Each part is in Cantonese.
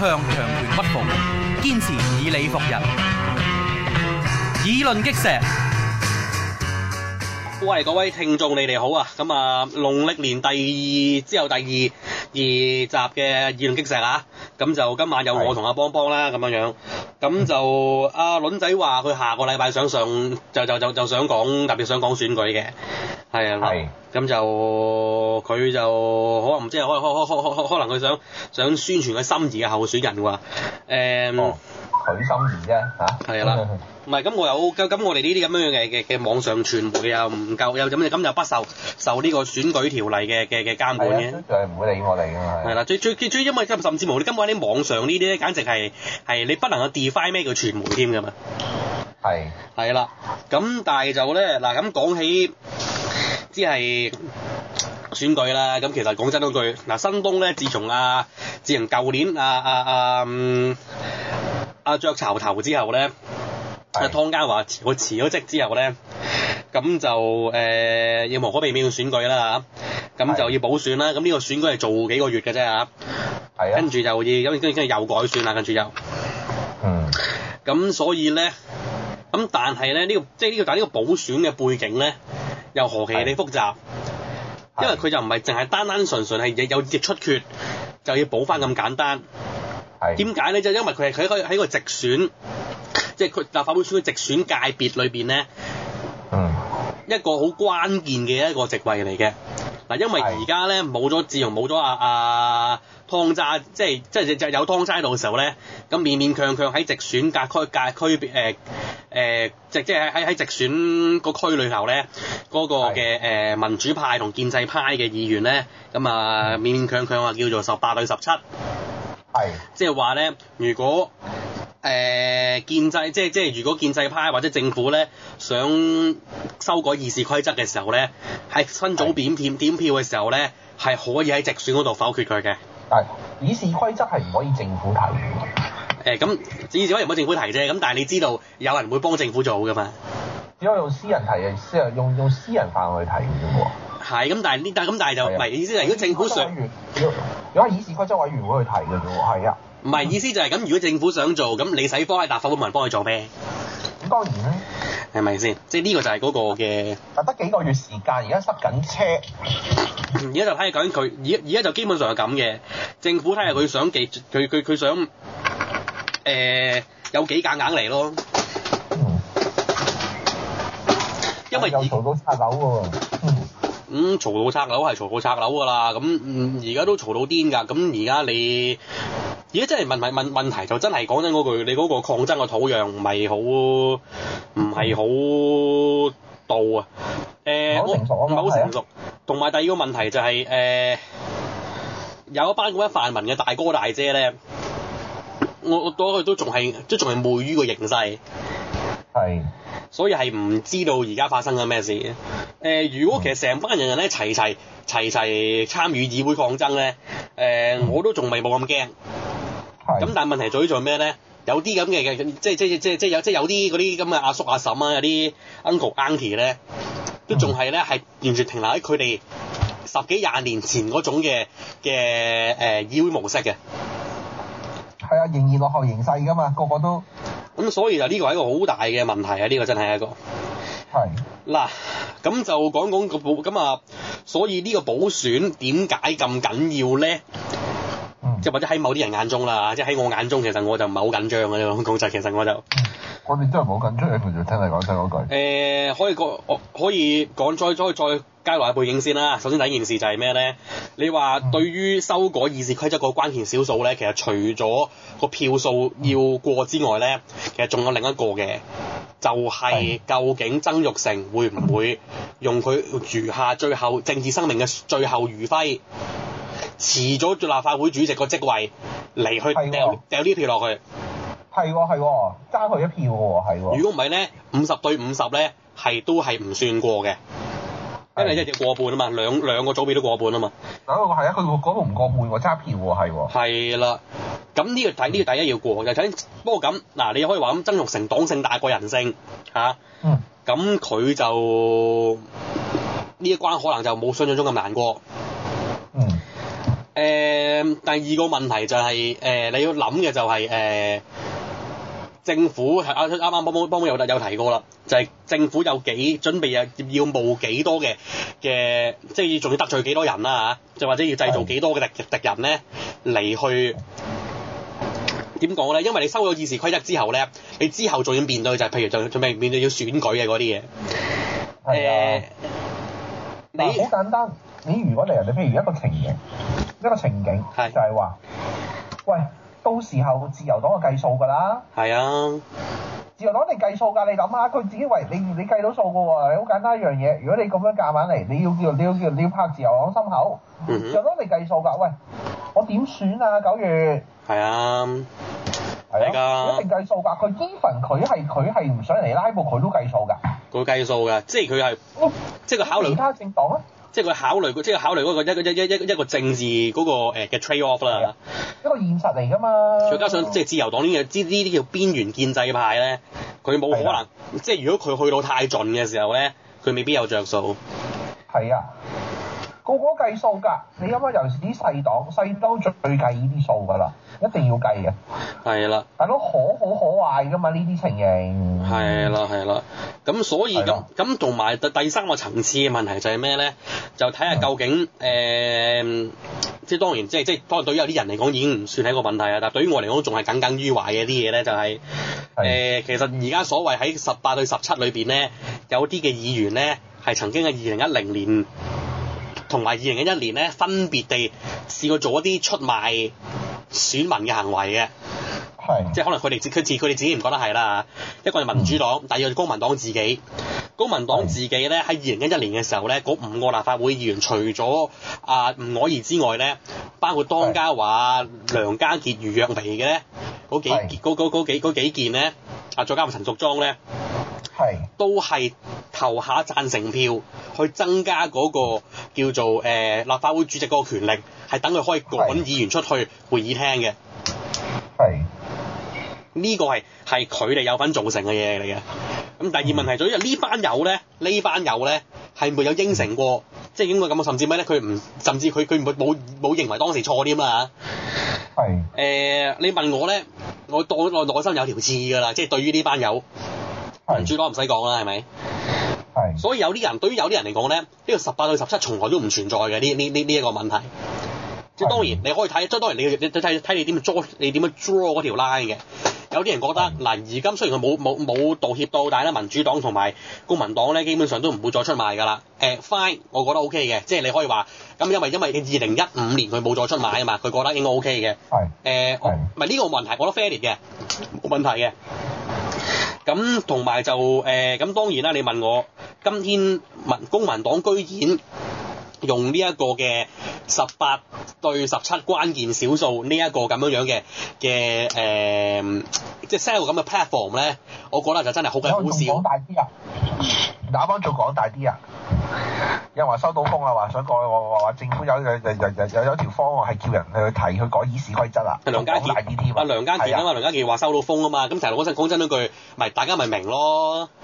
向強權不服，堅持以理服人，議論擊石。喂，各位聽眾你哋好啊！咁啊，農曆年第二之後第二二集嘅議論擊石啊！咁就今晚有我同阿邦邦啦，咁樣樣。咁就阿卵仔話佢下個禮拜想上，就就就就想講，特別想講選舉嘅。係啊。咁就佢就可能唔知，可可可可可可能佢想想宣傳佢心儀嘅候選人喎。誒，佢心儀啫嚇。係啦，唔係咁我有咁咁我哋呢啲咁樣樣嘅嘅嘅網上傳媒又，唔夠有咁嘅，咁又不受受呢個選舉條例嘅嘅嘅監管嘅。係啊，就係唔會理我哋㗎嘛。係啦，最最最因為甚至乎，你根本喺啲網上呢啲咧，簡直係係你不能夠 define 咩叫傳媒添㗎嘛。係。係啦，咁但係就咧嗱，咁講起。只係選舉啦，咁其實講真嗰句，新東呢，自從啊，自從舊年啊啊啊啊著潮頭之後呢，阿是的 湯家驊佢辭咗職之後呢，咁就誒要、呃、無可避免嘅選舉啦咁就要補選啦，咁呢是的 個選舉係做幾個月嘅啫嚇，跟住是的 就要，咁跟跟住又改選啦，跟住又，咁、嗯、所以呢，咁但係呢，呢、呢個，即係、呢、呢個搞呢個補選嘅背景呢。又何其你複雜，是因為佢就唔係淨係單單純純係有有出缺就要補翻咁簡單。點解咧？就因為佢係喺個喺直選，即係佢立法會選嘅直選界別裏面咧，嗯、一個好關鍵嘅一個席位嚟嘅。嗱，因為而家咧冇咗自從，冇咗啊啊湯渣，即係即係有湯渣度嘅時候咧，咁勉勉強強喺直選隔區界區別、呃誒、呃，即即喺喺喺直選區裡呢、那個區裏頭咧，嗰個嘅誒民主派同建制派嘅議員咧，咁啊勉勉強強話叫做十八對十七，係，是的 即係話咧，如果誒、呃、建制，即即如果建制派或者政府咧想修改議事規則嘅時候咧，喺分組點點點票嘅時候咧，係是的 可以喺直選嗰度否決佢嘅，係，議事規則係唔可以政府提嘅。誒咁，議事委員冇政府提啫，咁但係你知道有人會幫政府做㗎嘛？只可以用私人提啊，私人用用私人法去提嘅啫喎。係，咁但係呢？但係咁但係就唔係的意思就係，如果政府想，如果議事規則委員會去提嘅啫喎。係啊。唔係意思就係咁，如果政府想做，咁你使幫佢答翻，都冇人幫佢做咩？咁當然啦。係咪先？即係呢個就係嗰個嘅。得幾個月時間，而家塞緊車。而家就睇下究竟佢而而家就基本上係咁嘅。政府睇下佢想佢佢佢想。誒、呃、有幾夾硬嚟咯，嗯、因為嘈到拆樓喎，咁嘈、嗯、到拆樓係嘈到拆樓噶啦，咁而家都嘈到癲㗎，咁而家你而家真係問題問問題就真係講緊嗰句，你嗰個抗爭嘅土壤唔係好唔係好到啊，誒唔係好成熟，同埋、啊、第二個問題就係、是、誒、呃、有一班咁樣泛民嘅大哥大姐咧。我我都都都仲係，都仲係昧於個形勢，的所以係唔知道而家發生緊咩事、呃。如果其實成班人人咧齊齊齊齊參與議會抗爭咧、呃，我都仲未冇咁驚。咁的但係問題在於做咩咧？有啲咁嘅嘅，即係即係即係即係有即係有啲嗰啲咁嘅阿叔阿嬸啊，有啲 uncle auntie 咧，都仲係咧係完全停留喺佢哋十幾廿年前嗰種嘅嘅、呃、議會模式嘅。係啊，仍然落後形勢噶嘛，個個都咁、嗯，所以就呢、呢個係一個好大嘅問題啊！呢、呢個真係一個係嗱，咁就講講個保咁啊，所以個補麼麼呢個補選點解咁緊要咧？即係、嗯、或者喺某啲人眼中啦、啊，即係喺我眼中，其實我就唔係好緊張嘅咯。講實，其實我就、嗯、我哋真係冇緊張嘅，繼續聽你講聽嗰句誒，可以講，可以講，再再再。再睇下背景先啦。首先第一件事就係咩咧？你話對於修改議事規則個關鍵少數咧，其實除咗個票數要過之外咧，其實仲有另一個嘅，就係、是、究竟曾鈺成會唔會用佢餘下最後政治生命嘅最後餘暉，辭咗做立法會主席個職位嚟去掉掉呢票落去？係喎係喎，爭佢、哦、一票喎係喎。如果唔係咧，五十對五十咧，係都係唔算過嘅。是因為你一係過半啊嘛，兩兩個組別都過半啊嘛。嗱、哦，我係啊，佢、那個嗰個唔過半喎，差別喎係喎。係啦，咁呢、這個第呢、這個第一要過，就睇、是、不過咁嗱、啊，你可以話咁，曾鈺成黨性大過人性吓。咁、啊、佢、嗯、就呢一關可能就冇想像中咁難過。嗯。誒、呃，第二個問題就係、是、誒、呃，你要諗嘅就係、是、誒。呃政府係啱啱幫幫幫我有有提過啦，就係政府有幾準備要要冒幾多嘅嘅，即係仲要得罪幾多人啦嚇，就或者要製造幾多嘅敵敵人咧嚟去點講咧？因為你收咗議事規則之後咧，你之後仲要面對就係譬如就準備面對要選舉嘅嗰啲嘢。係啊。嗱，呃，好簡單，單。你如果嚟，你譬如一個情景，一個情景，係啊，就係話，喂。到時候自由黨就計數㗎啦，係啊，自由黨你計數㗎。你諗下，佢自己喂你，你計到數㗎喎。好簡單一樣嘢，如果你咁樣夾硬嚟，你要叫你要叫你，要你，要你要拍自由黨心口，嗯、哼自由黨你計數㗎。喂，我點算啊？九月係啊，係㗎、啊，的一定計數㗎。佢 even 佢係佢係唔想嚟拉布，佢都計數㗎。佢計數㗎，即係佢係，哦、即係佢考慮其他政黨呢。即係佢考慮，即係考慮嗰個一個一個一一一個政治嗰個、那個誒嘅、欸、trade off 啦。一個現實嚟㗎嘛。再加上即係自由黨呢啲，呢啲叫邊緣建制派咧，佢冇可能。的即係如果佢去到太盡嘅時候咧，佢未必有着數。係啊。冇個計數㗎，你諗下，尤其是啲細黨、細兜最計呢啲數㗎啦，一定要計嘅。係啦的，大佬可好可壞㗎嘛？呢啲情形係啦係啦，咁所以咁咁同埋第三個層次嘅問題就係咩咧？就睇下究竟誒的、呃，即係當然，即係即係，可能對於有啲人嚟講已經唔算係一個問題啊，但係對於我嚟講仲係耿耿於懷嘅啲嘢咧，就係、是、誒的、呃，其實而家所謂喺十八對十七裏邊咧，有啲嘅議員咧係曾經喺二零一零年。同埋二零一一年咧，分別地試過做一啲出賣選民嘅行為嘅，係是，即係可能佢哋自佢自佢哋自己唔覺得係啦，一個係民主黨，嗯、第二個係公民黨自己。公民黨自己咧喺二零一一年嘅時候咧，嗰五個立法會議員除咗啊吳靄儀之外咧，包括湯家驊、是梁家傑、余若薇嘅咧，嗰幾，是幾，幾，幾件咧，啊再加埋陳淑莊咧。係，都係投下贊成票，去增加嗰、那個叫做誒、呃、立法會主席嗰個權力，係等佢可以趕議員出去會議廳嘅。係是是。呢個係係佢哋有份造成嘅嘢嚟嘅。咁第二問題，就因為呢班友咧，呢班友咧係沒有應承過，嗯、即係應該咁，甚至咩咧？佢唔，甚至佢佢唔會冇冇認為當時錯添啦，係。誒是是、呃，你問我咧，我我內心有條刺㗎啦，即係對於呢班友。民主黨唔使講啦，係咪？係是。所以有啲人對於有啲人嚟講咧，呢、這個十八對十七從來都唔存在嘅呢呢呢呢一個問題。即係當然你可以睇，即係是當然你你睇睇你點 draw 你點樣 draw 嗰條 line 嘅。有啲人覺得嗱是、啊，而今雖然佢冇冇冇道歉到，但係咧民主黨同埋公民黨咧，基本上都唔會再出賣㗎啦。誒、呃、fine，我覺得 OK 嘅，即係你可以話咁，因為因為二零一五年佢冇再出賣啊嘛，佢覺得應該 OK 嘅。係是。誒、呃，唔係呢個問題，我都 fairly 嘅，冇問題嘅。咁同埋就誒，咁、呃、當然啦！你問我，今天民公民黨居然，用呢一個嘅十八對十七關鍵少數呢、呃就是、一個咁樣嘅嘅誒，即係 sell 咁嘅 platform 咧，我覺得就真係好鬼好笑。講大啲啊！打翻做講大啲啊！又話收到風啊，話想改話話話政府有有有有有條方案係叫人去提去改議事規則啊！講大啲啊！梁家傑因為的、嗯，梁家傑話收到風啊嘛，咁就講真講真嗰句，咪大家咪明咯～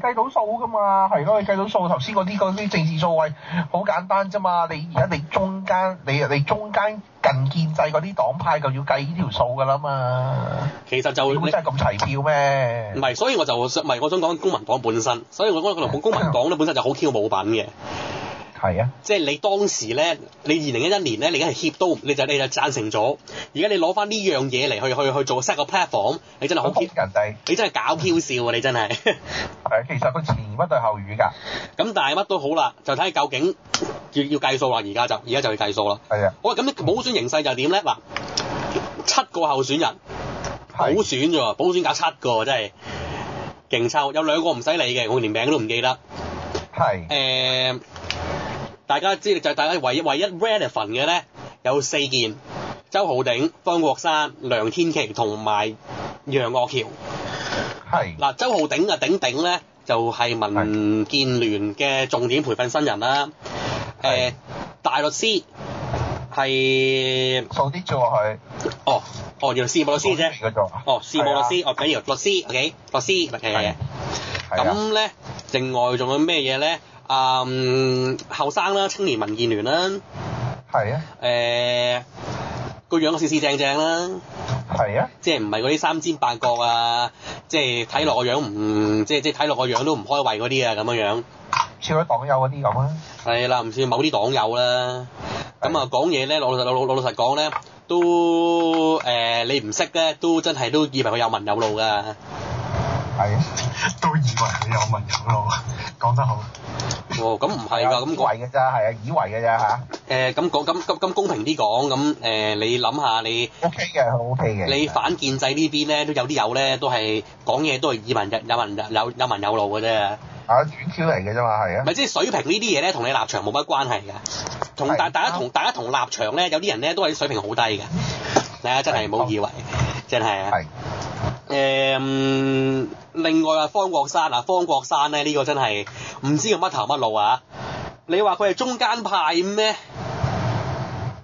計到數噶嘛，係咯，你計到數。頭先嗰啲啲政治數位好簡單啫嘛。你而家你中間，你你中間近建制嗰啲黨派就要計呢條數噶啦嘛。其實就真係咁齊票咩？唔係，所以我就唔係我想講公民黨本身。所以我覺得公民黨咧本身就好 Q 冇品嘅。係啊！即係你當時咧，你二零一一年咧，你梗係怯都，你就你就贊成咗。而家你攞翻呢樣嘢嚟去去去做 set 個 platform 你真係好挑人哋，你真係搞鳩笑啊！嗯、你真係、嗯、 其實佢前言不對後語㗎。咁但係乜都好啦，就睇你究竟要要，要計數啦。而家就而家就要計數啦。係啊！好，咁，補選形勢就係點咧？嗱，七個候選人，是補選咋喎，補選搞七個真係勁臭，有兩個唔使理嘅，我連名都唔記得。係是。欸大家知就係大家唯一唯一 relevant 嘅咧，有四件：周浩鼎、方國珊、梁天琦同埋楊岳橋。係。嗱，周浩鼎啊，鼎鼎咧就係民建聯嘅重點培訓新人啦。係。誒，大律師係做啲做落去。哦，哦，律師，事務律師啫。嗰種。哦，事務律師，哦緊要，律師，律師，係。係啊。咁咧，另外仲有咩嘢咧？啊，後生啦，青年民建聯啦，係啊、呃，誒個樣又四四正正啦，係啊，即係唔係嗰啲三尖八角啊，即係睇落個樣唔，即係即係睇落個樣都唔開胃嗰啲啊，咁樣，似嗰黨友嗰啲咁啊，係啦，唔似某啲黨友啦，咁係啊講嘢咧，老老老老老實講咧，都誒、呃、你唔識咧，都真係都以為佢有文有路㗎。係，都以為你有文有路，講得好。哦，咁唔係㗎，咁以為嘅咋，係啊，以為嘅咋嚇。誒，咁講咁咁咁公平啲講，咁誒，你諗下你。O K 嘅，好 O K 嘅。你反建制呢邊咧，都有啲友咧，都係講嘢都係以文有有文有有有文有路㗎啫。啊，軟 Q 嚟嘅啫嘛，係啊。咪即係水平呢啲嘢咧，同你立場冇乜關係㗎。同大大家同大家同立場咧，有啲人咧都係水平好低㗎。大家，真係唔好以為，真係啊。係。誒。另外啊，方國珊啊，方國珊咧，呢個真係唔知佢乜頭乜路啊！你話佢係中間派咩？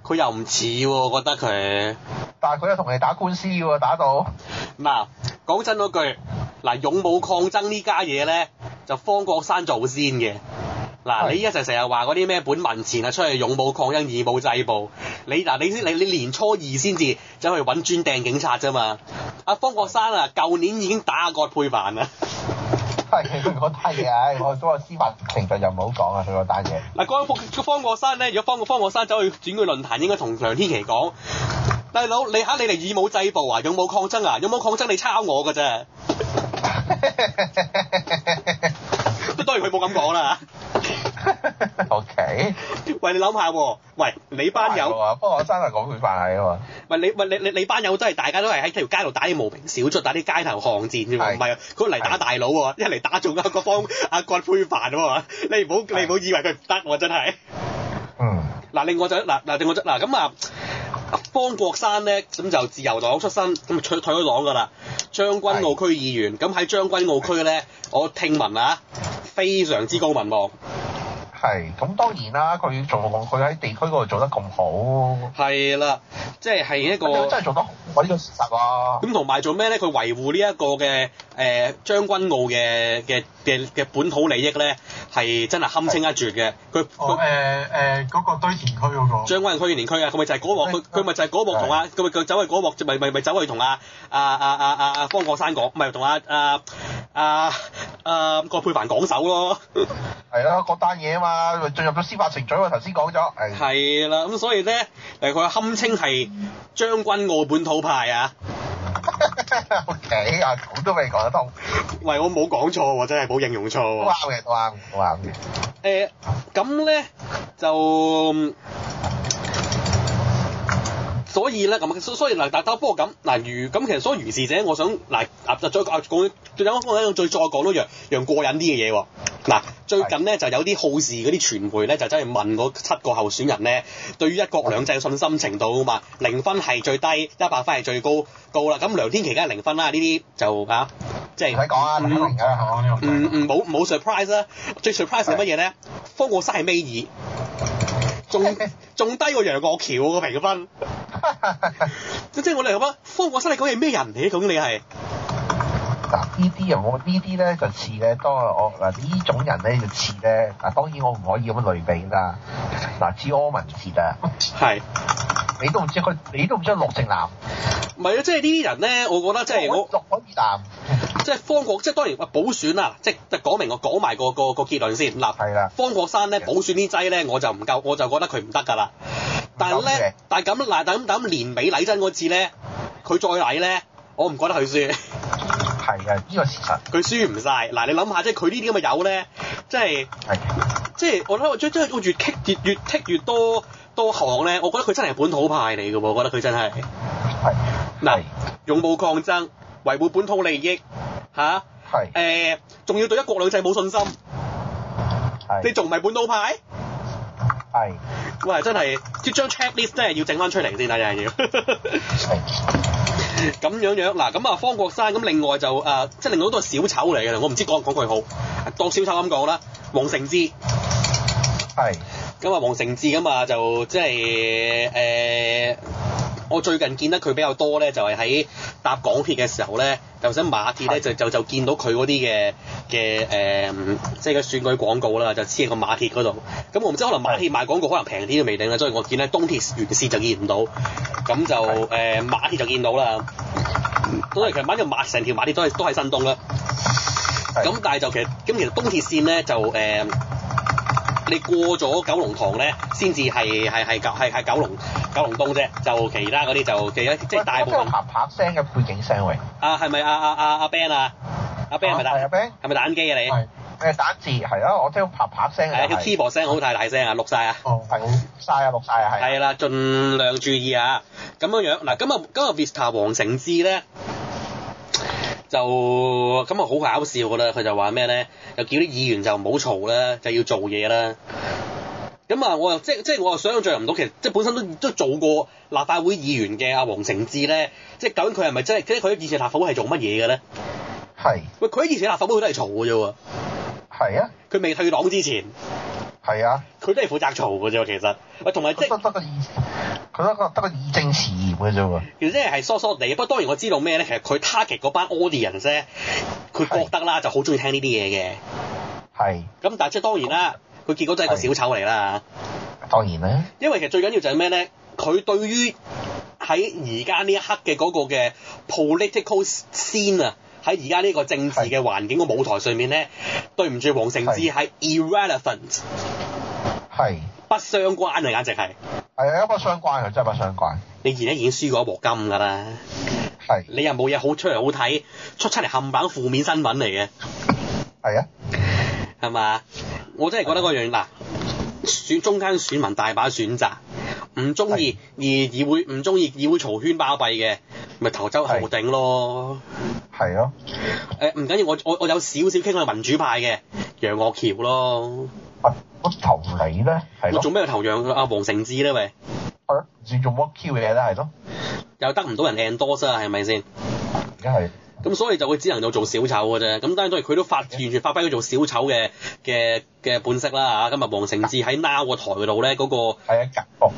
佢又唔似喎，我覺得佢。但係佢又同你打官司喎，打到。嗱，講真嗰句，嗱，勇武抗爭呢家嘢咧，就方國珊做先嘅。嗱的，你依家就成日話嗰啲咩本民前啊，出去勇武抗爭，以武制暴。你嗱，你先你你年初二先至走去揾磚掟警察啫嘛。阿、啊、方國珊啊，舊年已經打過佩帆啦，係佢嗰單嘢，我都司法程序又唔好講啊，佢嗰單嘢。嗱，嗰個方國珊咧，如果方個方國珊走去轉個論壇，應該同梁天琦講：，大佬你嚇你哋以武制暴啊？有冇抗爭啊？有冇抗爭？你抄我嘅啫。都當然佢冇咁講啦。O K，喂你諗下喎，喂你班友、啊，不過我真係講佢快話嘛。喂，你喂你你你班友真係大家都係喺條街度打啲無名小卒，打啲街頭巷戰啫嘛，唔係佢嚟打大佬喎、啊，是一嚟打中個阿啊個方啊葛珮帆喎，你唔好你唔好是以為佢唔得喎，真係嗯，嗱，另外就嗱嗱另外就嗱，咁啊方、啊、國珊咧，咁就自由黨出身咁退退咗黨㗎喇，將軍澳區議員咁喺是將軍澳區咧，我聽聞啊非常之高民望、啊。係，咁當然啦，佢做佢喺地區嗰度做得咁好。係啦，即係係一個真係做得，我呢個事實喎。咁同埋做咩咧？佢維護呢一個嘅誒將軍澳嘅嘅嘅嘅本土利益咧，係真係堪稱一絕嘅。佢佢誒誒嗰個堆填區嗰個。將軍澳填填區啊！佢咪就係嗰鑊，佢佢咪就係嗰鑊同阿佢咪佢走係嗰鑊，咪咪咪走去同阿阿阿阿阿方國珊講，唔係同阿阿阿阿郭佩凡講手咯。係咯，嗰單嘢啊嘛～啊，進入咗司法程序，我頭先講咗。係、哎、啦，咁所以咧，誒佢堪稱係將軍澳本土派啊。 o、okay，K，啊都未講得通。喂，我冇講錯或真係冇應用錯啱嘅，啱啱嘅。咁咧、呃、就，所以咧咁，所以嗱，但不過咁嗱如咁，其實所以如是者，我想嗱啊再講，再講，最後我講一樣最再講多樣過癮啲嘅嘢喎。嗱，最近咧就有啲好事嗰啲傳媒咧，就走去問嗰七個候選人咧，對於一國兩制嘅信心程度啊嘛，零分係最低，一百分係最高，高啦。咁梁天琦梗係零分啦，呢啲就即係唔使講啊，咁明噶，係嗯嗯，冇冇 surprise 啦，最 surprise 係乜嘢咧？是方國珊係尾二，仲仲低過楊國橋個評分。 即係我哋咁樣方國珊係講嘢咩人嚟？究竟你係？這些有有這些呢啲人，我呢啲咧就似咧當我嗱呢種人咧就似咧，嗱當然我唔可以咁樣類比㗎。嗱，知柯文哲啊，係是，你都唔知佢，你都唔知陸正南。唔係啊，即係呢啲人咧，我覺得即係我陸可以談，鹿鹿鹿鹿即係方國，即係當然啊，補選啦即係就講明我講埋個個個結論先嗱。係啦的。方國珊咧補的選啲劑咧，我就唔夠，我就覺得佢唔得㗎啦。但係咧，但係咁嗱，但係年尾禮真嗰次咧，佢再禮咧，我唔覺得佢輸。係嘅，呢、這個事實。佢輸唔晒。嗱你諗下，即係佢呢啲咁嘅友咧，的即係，即係我覺得，即即係我越剔越越剔越多多行咧，我覺得佢真係本土派嚟嘅喎，我覺得佢真係。係。嗱，勇武抗爭，維護本土利益，吓、啊？係的。誒、呃，仲要對一國兩制冇信心。係的。你仲唔係本土派？係的。喂，真係，呢張 check list 真係要整翻出嚟先得，真係要。 是咁樣樣嗱，咁啊方國珊，咁另外就誒、啊，即係另外好多係小丑嚟㗎，我唔知講講句好，當小丑咁講啦。黃成智係咁，啊黃成智咁啊就即係誒。呃我最近見得佢比較多咧，就係喺搭港鐵嘅時候咧，就想馬鐵咧，的就就就見到佢嗰啲嘅嘅誒，即係個選舉廣告啦，就黐喺個馬鐵嗰度。咁我唔知可能馬鐵賣廣告可能平啲都未定啦，所以我見咧東鐵沿線就見唔到，咁就誒的、呃、馬鐵就見到啦。因為其實買成條馬鐵都係都係新東啦，咁的但係就其實咁其實東鐵線咧就誒。呃你過咗九龍塘咧，先至係係係九係係九龍九龍東啫，就其他嗰啲就其實我即係大部分。啪啪聲嘅背景聲嚟、啊啊。啊，係咪阿阿阿阿 Ben 啊？阿 Ben 係咪打？係咪、啊、打機啊？你係打字係啊！我聽到啪啪聲係、就係、啊，個 keyboard 聲好太大聲啊，錄晒啊！哦，係晒啊，錄晒啊，係、啊。係啦，盡量注意啊！咁樣樣嗱、啊，今日今日 Vista 黃成智咧。就咁啊，好搞笑噶啦！佢就話咩咧？又叫啲議員就唔好嘈啦，就要做嘢啦。咁啊，就我又即即我又想像唔到，其實即本身都都做過立法會議員嘅阿黃成智咧，即係究竟佢係咪真係即佢以前立法會係做乜嘢嘅咧？係。喂，佢喺以前立法會佢都係嘈㗎啫喎。係啊。佢未退黨之前。係啊，佢都係負責嘈嘅啫，得而其實，喂，同埋即係得個意，佢得個得個議政事業嘅啫喎。其實即係係疏疏哋，不過當然我知道咩咧，其實佢 target 嗰班 audience 啫，佢覺得啦是就好中意聽呢啲嘢嘅。係是。咁但係即係當然啦，佢結果都係一個小丑嚟啦。當然啦。因為其實最緊要就係咩咧？佢對於喺而家呢一刻嘅嗰個嘅 political scene 啊。喺而家呢個政治嘅環境個舞台上面咧，是的 對唔住黃成智係 irrelevant，係不相關嘅，簡直係係啊，不相關啊，真係不相關。你而家已經輸過一鑊金㗎啦，係是的 你又冇嘢好出嚟好睇，出出嚟冚唪唥負面新聞嚟嘅，係啊，係嘛？我真係覺得嗰樣嗱選中間選民大把選擇。唔中意而議會，唔中意議會嘈圈巴閉嘅，咪投周浩鼎咯。係囉是的、欸。唔緊要，我我我有少少傾過民主派嘅楊岳橋咯。喂乜、啊、我投你咧？係咯。我做咩要投楊阿黃成智咧？咪我唔做乜 Q 嘢咧，係咯。又得唔到人靚多啦，係咪先？梗係。咁所以就會只能夠做小丑㗎啫。咁當然都係，佢都發完全發揮佢做小丑嘅嘅嘅本色啦。嚇、啊，今日黃成智喺 Now 個台度咧，嗰個隔。哦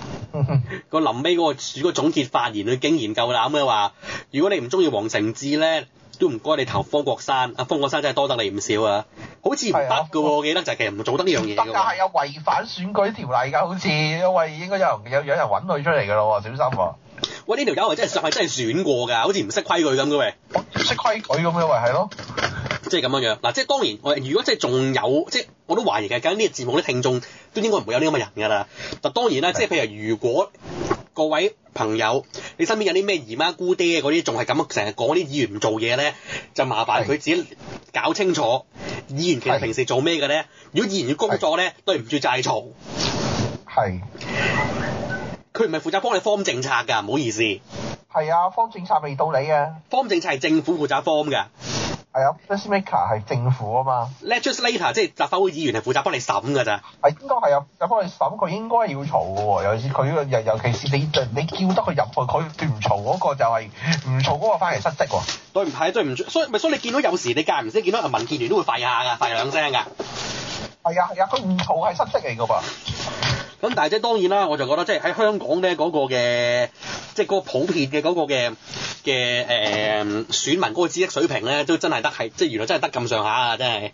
個臨 尾嗰個主個總結發言嘅經研究啦，咁樣話，如果你唔中意黃成智咧，都唔該你投方國珊，阿方國珊真係多得你唔少啊，好似唔得嘅喎，的我記得就係其實唔做得呢樣嘢但係有違反選舉條例㗎，好似，喂，應該有人有有人揾佢出嚟㗎咯喎，小心、啊、喂，呢條友係真係真選過㗎，好似唔識規矩咁嘅，識、哦、規矩咁嘅，喂，係咯，即係咁樣樣，嗱，即係當然，我如果即係仲有，即係我都懷疑嘅，今、這、呢個節目啲聽眾。都應該唔會有呢啲咁嘅人噶啦。嗱，當然啦，是的 即係譬如如果各位朋友你身邊有啲咩姨媽姑爹嗰啲，仲係咁樣成日講啲議員唔做嘢咧，就麻煩佢自己搞清楚是的 議員其實平時做咩嘅咧。是的 如果議員要工作咧，是的 對唔住就係嘈。係。佢唔係負責幫你方政策噶，唔好意思。係啊，方政策未到你啊。方政策係政府負責方嘅。係啊 Legislator 係政府啊嘛。Legislator 即係立法會議員係負責幫你審㗎咋。係應該係有有幫你審，佢應該要嘈㗎喎。尤其是佢尤尤其是你你叫得佢入去，佢唔嘈嗰個就係唔嘈嗰個翻嚟失職喎。對唔係對唔？所以咪所以你見到有時你隔唔時見到啊民建聯都會吠下㗎，吠兩聲㗎。係啊係啊，佢唔嘈係失職嚟㗎噃。咁但係即當然啦，我就覺得即係喺香港咧嗰個嘅，即係嗰個普遍嘅嗰個嘅。嘅誒、呃、選民嗰個知識水平咧，都真係得係，即係原來真係得咁上下啊！真係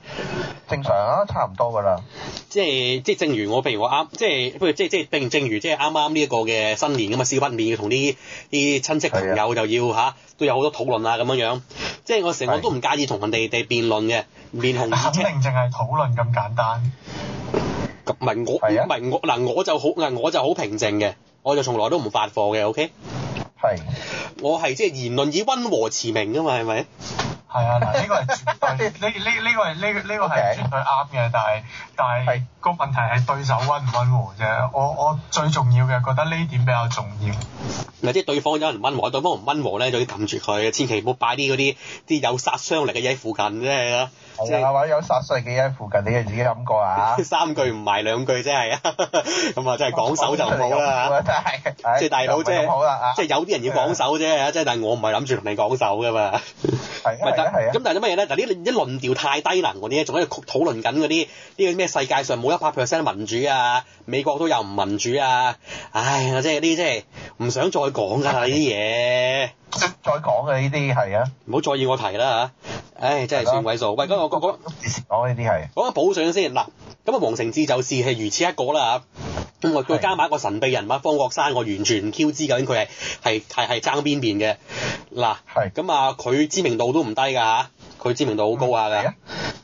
正常啊，差唔多㗎喇。即係即係正如我，譬如我啱，即係不如即即並正如即啱啱呢一個嘅新年咁啊，少不免要同啲啲親戚朋友就要吓的、啊，都有好多討論啊咁樣樣。即係我成我都唔介意同人哋哋的辯論嘅，面紅。肯定淨係討論咁簡單。唔係我唔係的我嗱我，我就好，我就好平靜嘅，我就從來都唔發火嘅，OK。係，是我係即係言論以溫和馳名㗎嘛，係咪？係啊，嗱，呢個係絕對，呢呢呢個係呢呢個係絕對啱嘅，但係但係個問題係對手温唔溫和啫。我我最重要嘅覺得呢點比較重要。嗱，即係對方有人溫和，對方唔溫和咧就要撳住佢，千祈唔好擺啲嗰啲啲有殺傷力嘅嘢喺附近啫係啦。係啊，或者有殺傷力嘅嘢喺附近，你係自己諗過啊？三句唔埋兩句啫，係啊，咁啊真係講手就好啦，即係大佬，即係有啲人要講手啫，即係但係我唔係諗住同你講手噶嘛。係。咁但係啲乜嘢咧？嗱，呢啲論調太低能，嗰啲仲喺度討論緊嗰啲呢個咩，世界上冇一百 percent 民主啊，美國都有唔民主啊，唉，即係啲即係唔想再講㗎啦啲嘢，再講嘅呢啲係啊，唔好再意我提啦嚇。唉，真係算鬼數。喂，咁我講講呢啲係講下保上先嗱。咁啊，黃成智就是係如此一個啦。咁佢加埋一個神秘人物方國珊，我完全唔 Q 知究竟佢係係係係爭邊邊嘅。嗱，咁啊，佢是知名度都唔低㗎嚇，佢知名度好高下㗎，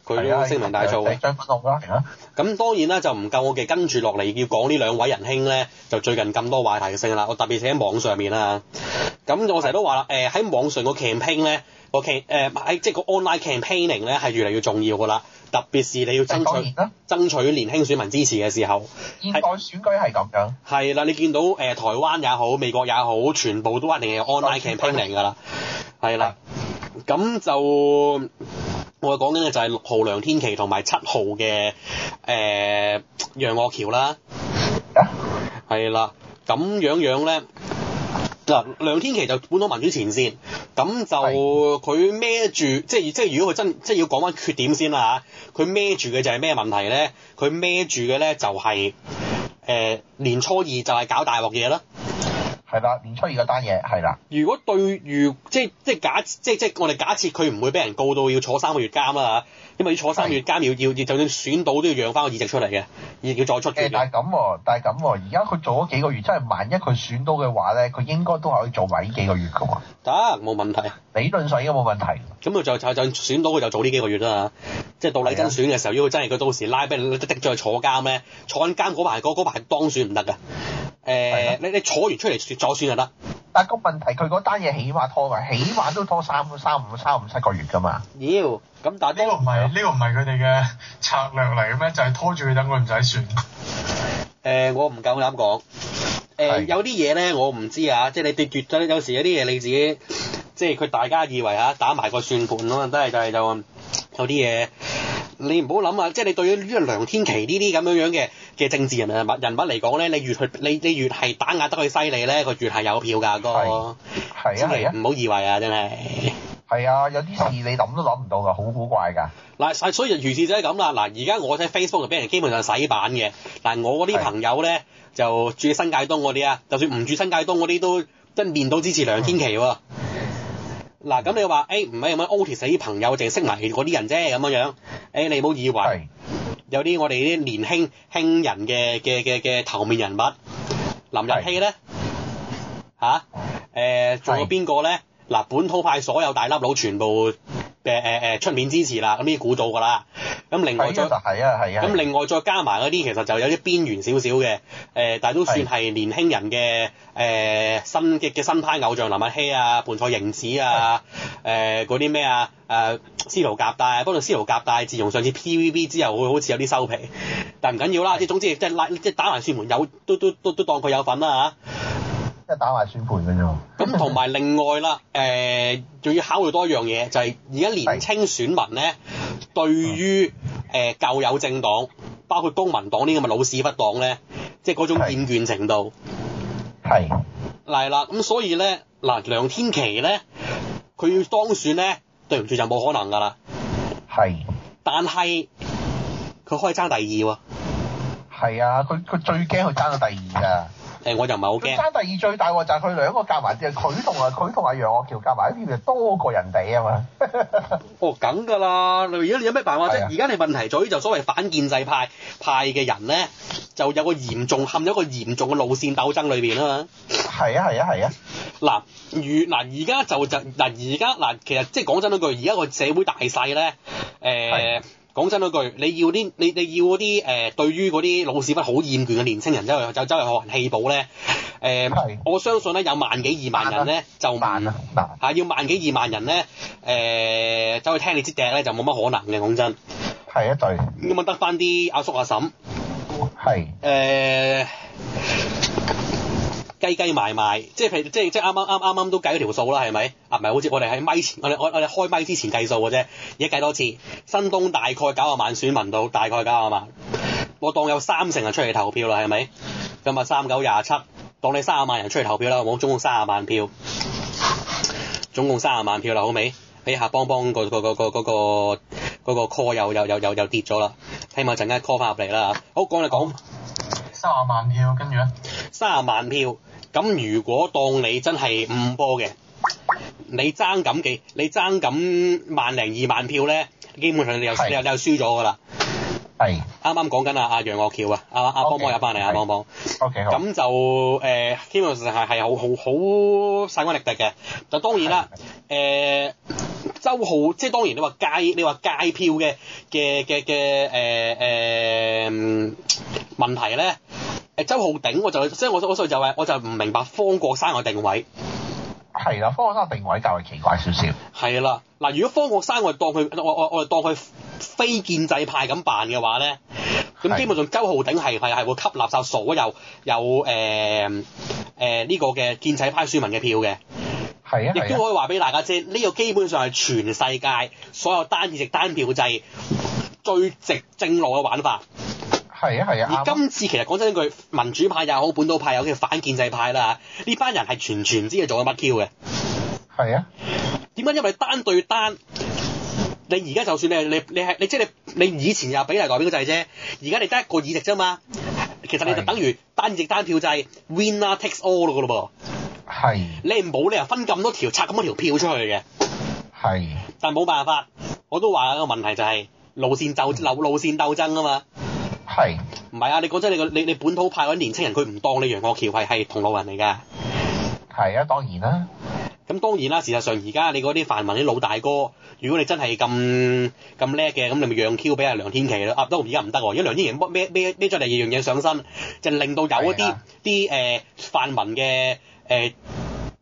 佢聲、啊、名大噪嘅。張國榮啊，咁當然啦，就唔夠我哋跟住落嚟要講呢兩位仁兄咧，就最近咁多話題性啦。我特別寫喺網上面啦，咁、嗯、我成日都話啦，誒、呃、喺網上個 camp 呢、呃這個 campaign 咧，個 camp 誒喺即係個 online campaigning 咧係越嚟越重要㗎啦。特別是你要爭取爭取年輕選民支持嘅時候，現代選舉係咁樣。係啦，你見到誒、呃、台灣也好，美國也好，全部都一定係 online campaigning 噶啦。係啦，咁就我哋講緊嘅就係六號梁天琦同埋七號嘅誒、呃、楊岳橋啦。係啦 Yeah.，咁樣樣咧。梁天琦就本土民主前線，咁就佢孭住，即係即係如果佢真，即係要講翻缺點先啦吓，佢孭住嘅就係咩問題咧？佢孭住嘅咧就係、是、誒、呃、年初二就係搞大鑊嘢啦。係啦，年初二嗰單嘢係啦。是如果對於，如即係即假，即係即我哋假設佢唔會俾人告到要坐三個月監啦、啊、因為要坐三個月監，的要要就算選到都要讓翻個議席出嚟嘅，要再出嘅、欸。但係咁喎，但係咁喎，而家佢做咗幾個月，真係萬一佢選到嘅話咧，佢應該都係可以做埋呢幾個月嘅喎。得，冇問題。理論上應該冇問題。咁佢就就選選到佢就做呢幾個月啦、啊。即係到嚟爭選嘅時候，如果的真係佢到時拉俾你，的的住係坐監咩？坐緊監嗰排嗰排當選唔得㗎。誒，呃、的你你坐完出嚟說咗算就得。但係個問題，佢嗰單嘢起碼拖埋，起碼都拖三三五三五七個月㗎嘛。妖，咁但係呢個唔係呢個唔係佢哋嘅策略嚟嘅咩？就係、是、拖住佢等佢唔使算。誒、呃，我唔夠膽講。誒、呃，的有啲嘢咧，我唔知啊，即係你跌絕咗，有時有啲嘢你自己，即係佢大家以為嚇打埋個算盤可能都係就係就有啲嘢。你唔好諗啊！即、就、係、是、你對於呢個梁天琦呢啲咁樣樣嘅嘅政治人物人物嚟講咧，你越去你你越係打壓得佢犀利咧，佢越係有票㗎，嗰個。係啊係啊，唔好是、啊、以為啊，真係。係啊，有啲事你諗都諗唔到㗎，好古怪㗎。嗱、啊，所以如是就係咁啦。嗱，而家我喺 Facebook 就俾人基本上洗版嘅。嗱，我嗰啲朋友咧是就住新界東嗰啲啊，就算唔住新界東嗰啲都真面到支持梁天琦喎、啊。嗯嗱，咁、啊、你話誒唔係有冇 Otis 啲朋友，淨係識埋嗰啲人啫咁樣樣。誒、欸，你唔好以為是有啲我哋啲年輕輕人嘅嘅嘅嘅頭面人物，林日曦咧吓？誒仲是、啊欸、有邊個咧？嗱是、啊，本土派所有大粒佬全部。嘅誒出面支持啦，咁啲估到㗎啦，咁另外再係啊係啊，咁另外再加埋嗰啲其實就有啲邊緣少少嘅，誒的但係都算係年輕人嘅誒新嘅嘅新派偶像林麥希啊、盤菜瑩子啊、誒嗰啲咩啊、誒司徒夾帶啊，不過司徒夾帶自從上次 PVB 之後會好似有啲收皮，但係唔緊要啦，即係總之即係拉即係、就是、打埋扇門有都都都都當佢有份啦吓即係打埋選盤嘅啫。咁同埋另外啦，誒、呃、仲要考慮多一樣嘢，就係而家年青選民咧，是對於舊有、呃、政黨，包括公民黨，黨呢啲咁嘅老屎忽黨咧，即係嗰種厭倦程度係。係是。嚟啦，咁所以咧，嗱、呃、梁天琪咧，佢要當選咧，對唔住就冇可能㗎啦。係是。但係佢可以爭第二喎。係啊，佢佢、啊、最驚佢爭到第二㗎。我就唔係好驚。爭第二最大喎，就係佢兩個夾埋啲，佢同啊佢同阿楊岳橋夾埋啲，其實多過人哋啊嘛。 哦，梗噶啦，你而家你有咩辦法啫？而家你問題在於就所謂反建制派派嘅人咧，就有個嚴重陷喺一個嚴重嘅路線鬥爭裏邊啊嘛、啊啊。係啊係啊係啊！嗱，如嗱而家就就嗱而家嗱，其實即係講真句，而家個社會大勢咧，誒、呃。是啊講真句，你要啲你你要嗰啲誒，對於嗰啲老屎忽好厭倦嘅年輕人走去就周圍學棄保咧，誒，呃、的我相信咧有萬幾二萬人咧了就不慢啦，嚇、啊、要萬幾二萬人咧誒，走、呃、去聽你支笛咧就冇乜可能嘅，講真係啊，對，咁得翻啲阿叔阿嬸係誒。的雞雞埋埋，即係譬即係即係啱啱啱啱啱都計咗條數啦，係咪？啊，唔係好似我哋喺咪前，我哋我我哋開咪之前計數嘅啫，而家計多次。新東大概九啊萬選民到大概九啊萬，我當有三成人出嚟投票啦，係咪？今日三九廿七，當你三十萬人出嚟投票啦，好冇？總共三十萬票，總共三十萬票啦，好未？哎，下幫幫、嗰個、嗰個個個嗰個嗰個 call 又又又又又跌咗啦，希望陣間 call 翻入嚟啦。好講就講三啊萬票，跟住咧，三啊萬票。咁如果當你真係誤波嘅，你爭咁幾，你爭咁萬零二萬票咧，基本上你又是你又輸咗㗎啦。係是。啱啱講緊啊阿楊岳橋啊，阿阿邦邦入翻嚟阿邦邦。O K 好。咁就誒、呃，基本上係係好好好勢均力敵嘅。就當然啦，誒的、呃，周浩即係當然你話街你話街票嘅嘅嘅嘅誒誒問題咧。誒周浩鼎我就即係我，我所以就係我就唔明白方國珊個定位。係啦，方國珊定位較係奇怪少少。係啦，嗱，如果方國珊我哋當佢，我我我係當佢非建制派咁辦嘅話咧，咁基本上周浩鼎係係係會吸納曬所有有誒誒呢個嘅建制派選民嘅票嘅。係啊的，亦都可以話俾大家知，呢的個基本上係全世界所有單議席單票制最直正路嘅玩法。係啊，係啊，而今次其實講真一句，民主派又好，本土派又好，佢反建制派啦呢班人係全全唔知你做緊乜 Q 嘅。係啊。點解？因為單對單，你而家就算你你你係你，即係你你，你以前又係比例代表制啫，而家你得一個議席啫嘛。其實你就等於單議席單票制的 Winner takes all 咯咯噃。係的。你冇理由分咁多條拆咁多條票出去嘅。係的。但係冇辦法，我都話個問題就係路線鬥路路線鬥爭啊嘛。係，唔係啊？你講真，你個你你本土派嗰啲年青人，佢唔當你楊岳橋係係同路人嚟㗎。係啊，當然啦、啊。咁當然啦，事實上而家你嗰啲泛民啲老大哥，如果你真係咁咁叻嘅，咁你咪讓 Q 俾阿梁天琦咯。啊，都而家唔得喎，因為梁天琦孭孭孭咗第二樣嘢上身，就令到有一啲啲誒泛民嘅誒、呃、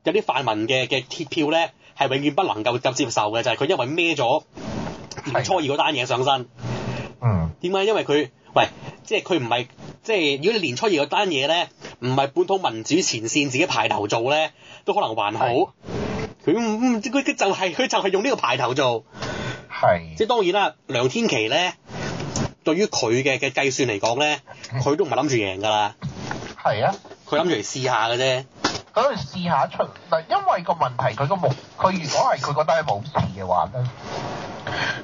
有啲泛民嘅嘅鐵票咧，係永遠不能夠咁接受嘅，就係、是、佢因為孭咗年初二嗰單嘢上身。啊、嗯。點解？因為佢。喂，即係佢唔係，即係如果你年初二嗰單嘢咧，唔係本土民主前線自己排頭做咧，都可能還好。佢唔佢就係、是、佢就係用呢個排頭做。係的。即係當然啦，梁天琦咧，對於佢嘅嘅計算嚟講咧，佢都唔係諗住贏㗎啦。係啊的。佢諗住嚟試下嘅啫。佢嚟試下出，嗱，因為個問題他沒有，佢個目，佢如果係佢覺得係冇事嘅話咧，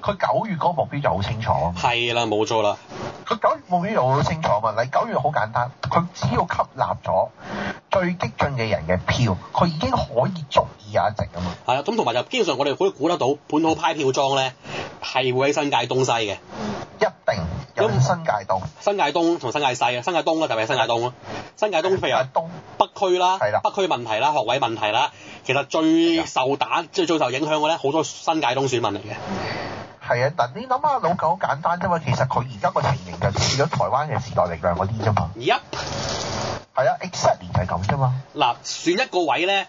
佢九月嗰個目標就好清楚。係啦，冇錯啦。佢九月冇好清楚嘛，你九月好簡單，佢只要吸納咗最激進嘅人嘅票，佢已經可以足以啊一席㗎嘛。係啦，咁同埋就基本上我哋可以估得到，本土派票莊咧係會喺新界東西嘅。一定有。咁新，新，新，新界東。新界東同新界西啊，新界東咧就係新界東咯。新界東譬如喺東北區啦，的北區問題啦，學位問題啦，其實最受打即係的最受影響嘅咧，好多新界東選民嚟嘅。係啊，嗱，你諗下老狗好簡單啫嘛，其實佢而家個情形就似咗台灣嘅時代力量嗰啲啫嘛。而家，係啊，X 七年係咁啫嘛。嗱，選一個位咧，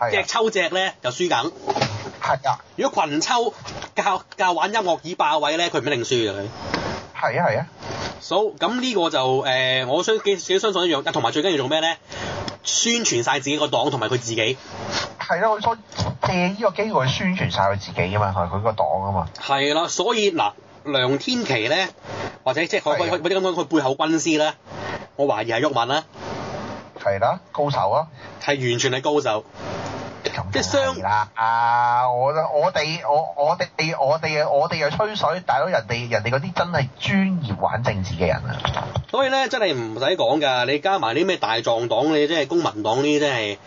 的抽一隻抽隻咧就輸緊。係啊的。如果群抽教教玩音樂椅霸位咧，佢唔一定輸嘅。係啊，係啊。好，咁呢個就誒、呃，我相幾自己相信一樣，同埋最緊要做咩咧？宣傳晒自己個黨同埋佢自己，係咯，所以借呢個機會宣傳晒佢自己啊嘛，同佢個黨啊嘛。係啦，所以嗱，梁天琦咧，或者即係佢，我我我啲咁講，佢背後軍師咧，我懷疑係郁文啦、啊，係啦，高手啊，係完全係高手。即係啦啊！雙我我哋我我哋哋我哋我哋又吹水，大佬人哋人哋嗰啲真係專業玩政治嘅人啊！所以咧真係唔使講㗎，你加埋啲咩大狀黨，你即係公民黨呢啲真係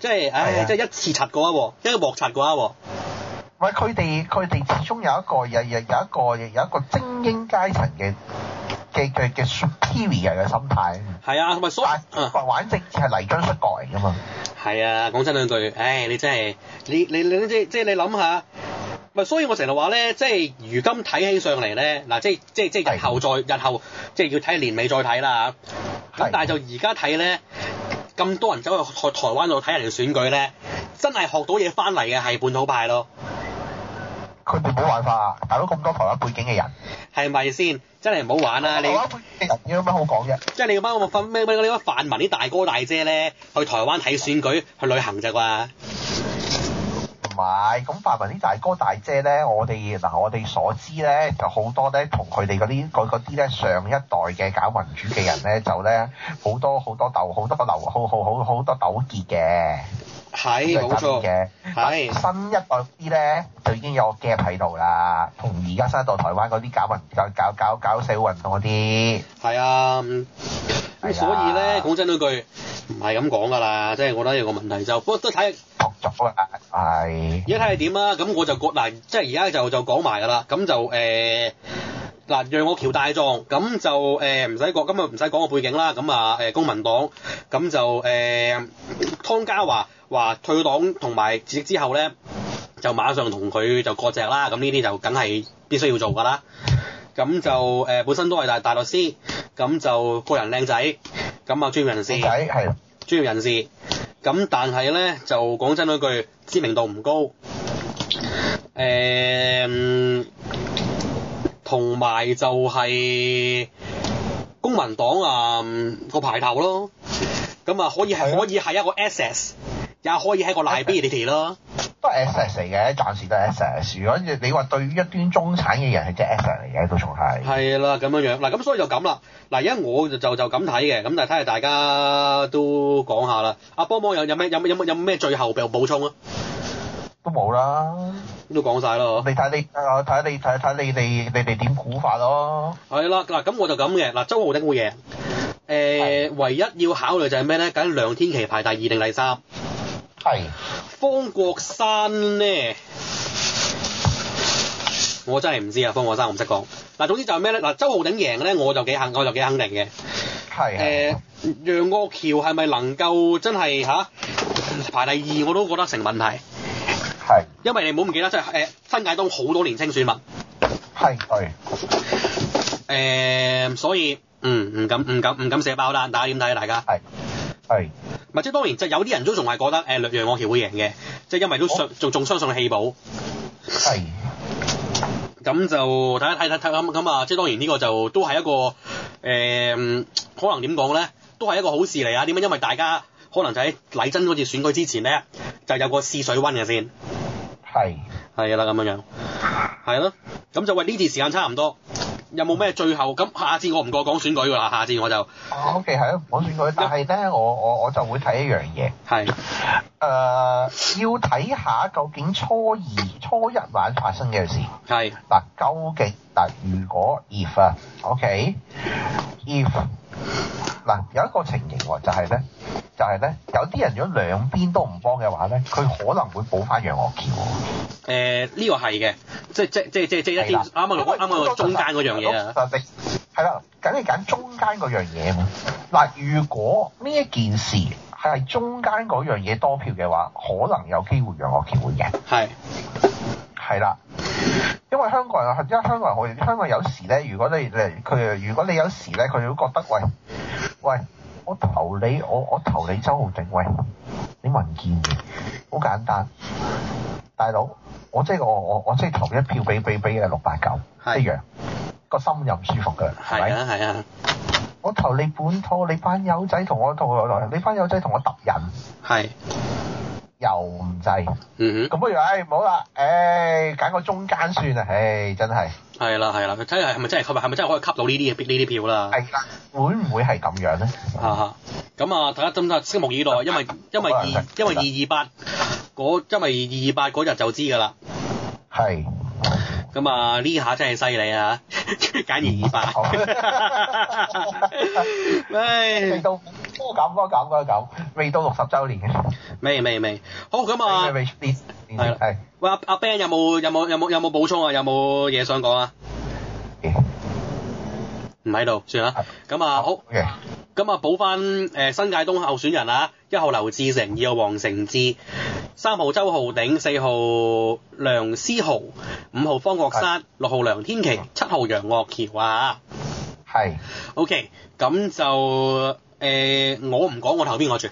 即係唉，即、哎、係、啊、一次擦過啊，一個磨擦過啊！唔係佢哋佢哋始終有一個有有有一個有一個精英階層嘅。嘅嘅 superior 嘅心態，係啊，咪但所以，嗯、啊，玩政治係泥漿摔角嚟㗎嘛。係啊，講真兩句，唉、哎，你真係，你你你即即係你諗下，咪所以，我成日話咧，即係如今睇起上嚟咧，嗱，即即即日後再，的日後即係要睇年尾再睇啦嚇。咁的但係就而家睇咧，咁多人走去台台灣度睇人哋選舉咧，真係學到嘢翻嚟嘅係本土派咯。佢哋冇辦法，大到咁多台灣背景嘅人，係咪先？真係唔好玩啊，你有乜好講嘅？即係你嗰班我份咩咩嗰啲乜泛民啲大哥大姐咧，去台灣睇選舉去旅行咋啩？唔係，咁泛民啲大哥大姐咧，我哋嗱我哋所知咧，就好多咧，同佢哋嗰啲嗰嗰啲咧上一代嘅搞民主嘅人咧，就咧好多好多鬥好多個流好好好好多糾結嘅。係冇錯，係新一代啲咧就已經有個 gap 喺度啦，同而家新一代台灣嗰啲搞運搞搞搞搞社會運動嗰啲係啊咁，所以咧講真嗰句唔係咁講㗎啦，即係我覺得有個問題就不過都睇國族啦，係而家睇下點啦。咁我就國嗱，即係而家就就講埋㗎啦。咁就誒嗱，讓我喬大狀咁就誒唔使講，今日唔使講個背景啦。咁啊誒公民黨咁就誒湯家驊，話退黨同埋辭職之後咧，就馬上同佢就割席啦。咁呢啲就梗係必須要做㗎啦。咁就誒、呃、本身都係大大律師，咁就個人靚仔，咁啊專業人士，仔係專專業人士。咁但係咧就講真嗰句，知名度唔高。誒、欸，同、嗯、埋就係公民黨啊、嗯、個牌頭咯。咁啊可以係 Yes. 可以係一個 access 也可以喺個賴俾你哋咯，都係 S S 嚟嘅，暫時都係 S S。如果你話對於一端中產嘅人係只 S S 嚟嘅，都仲係係啦，咁樣樣嗱，咁所以就咁啦嗱。而家我就就就咁睇嘅咁，但係睇下大家都講下啦。阿邦邦有有咩有有有咩最後補補充啊？都冇啦，都講晒啦。你睇你睇你睇睇你哋你哋點估法咯？係啦嗱，咁我就咁嘅嗱，周浩鼎冇嘢誒，呃、的唯一要考慮就係咩咧？緊梁天琦排第二定第三？係是，方國珊咧，我真係唔知啊，方國珊我唔識講。嗱，總之就係咩咧？嗱，周浩鼎贏嘅咧，我就幾肯，我就幾肯定嘅。係的。誒、呃，楊岳橋係咪能夠真係排第二？我都覺得成問題。是因為你唔好唔記得，即係誒新界東好多年青選民。係的、呃，所以，嗯，唔敢，唔敢，唔敢寫爆啦。大家點睇大家？或者當然，就有啲人都仲係覺得誒、呃、楊岳橋會贏嘅，即係因為都相仲仲相信棄保係咁就睇睇睇睇咁咁啊！即係當然呢個就都係一個誒、呃，可能點講咧，都係一個好事嚟啊！點解？因為大家可能就喺禮真嗰次選舉之前咧，就有個試水溫嘅先係係啦，咁的樣樣係咯，咁就喂呢段時間差唔多。有冇咩最後？咁下次我唔過講選舉㗎啦，下次我就。OK，係啊，講、OK，啊、選舉，嗯、但係咧，我我我就會睇一樣嘢。係是、呃。要睇下究竟初二、初一晚發生嘅事。係是。嗱、啊，究竟但、啊、如果 if 啊，OK，if。嗱、啊，有一個情形就係咧，就係、是、咧、就是，有啲人如果兩邊都唔幫嘅話咧，佢可能會補翻楊岳橋。誒、呃，呢、這個係嘅，即係即係即係即係即係一啲啱啱啱啱個中間嗰樣嘢啊，係啦，梗係揀中間嗰樣嘢啊。嗱，如果呢一件事係中間嗰樣嘢多票嘅話，可能有機會楊岳橋會贏。係嘅，係啦。因為香港人因因香港人可以，香港人有時咧，如果你佢，如果你有時咧，佢會覺得喂，喂，我投你，我我投你周浩鼎喂，你文件嘅，好簡單，大佬，我即係我我我即係投一票俾俾俾嘅六八九一樣，個是心又唔舒服㗎。係咪啊，係啊，吧啊啊我投你本土，你班友仔同我同，你班友仔同我揼人係。又唔制，嗯哼，咁不如唉，唔好啦，唉，揀個中間算啦，唉，真係，係啦係啦，睇下係咪真係吸，係咪真係可以吸到呢啲嘢呢啲票啦，係啦，會唔會係咁樣咧？啊哈，咁啊，大家等等，拭目以待，因為因為二因為二二八嗰因為二二八嗰日就知㗎啦，係。咁啊，呢下真係犀利啊！簡易二百，唉，未到，減翻減翻減，未到六十週年嘅，未未未，好咁啊，係啦，係係，喂阿阿 Ben 有冇有冇有冇有冇補充啊？有冇嘢想講啊？唔喺度，算啦。咁啊，好。咁啊，補翻誒、呃、新界東候選人啊，一號劉志成，二號黃成智，三號周浩鼎，四號梁思豪，五號方國珊，是的 六號梁天琦，嗯嗯七號楊岳橋啊是的 okay。係。O K，咁就誒，我唔講我投邊個住。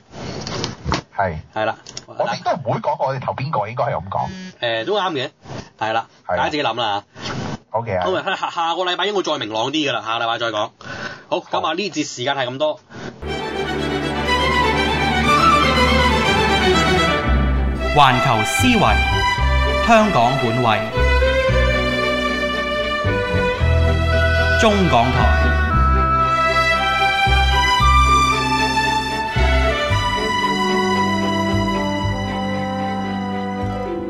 係。係啦，我哋都唔會講我哋投邊個，應該係咁講。誒，都啱嘅，係啦，大家是的 自己諗啦。O K。啊，下下個禮拜應該會再明朗啲㗎啦，下個禮拜再講。好，噉啊，呢節時間係咁多。好環球思維，香港本位，中港台。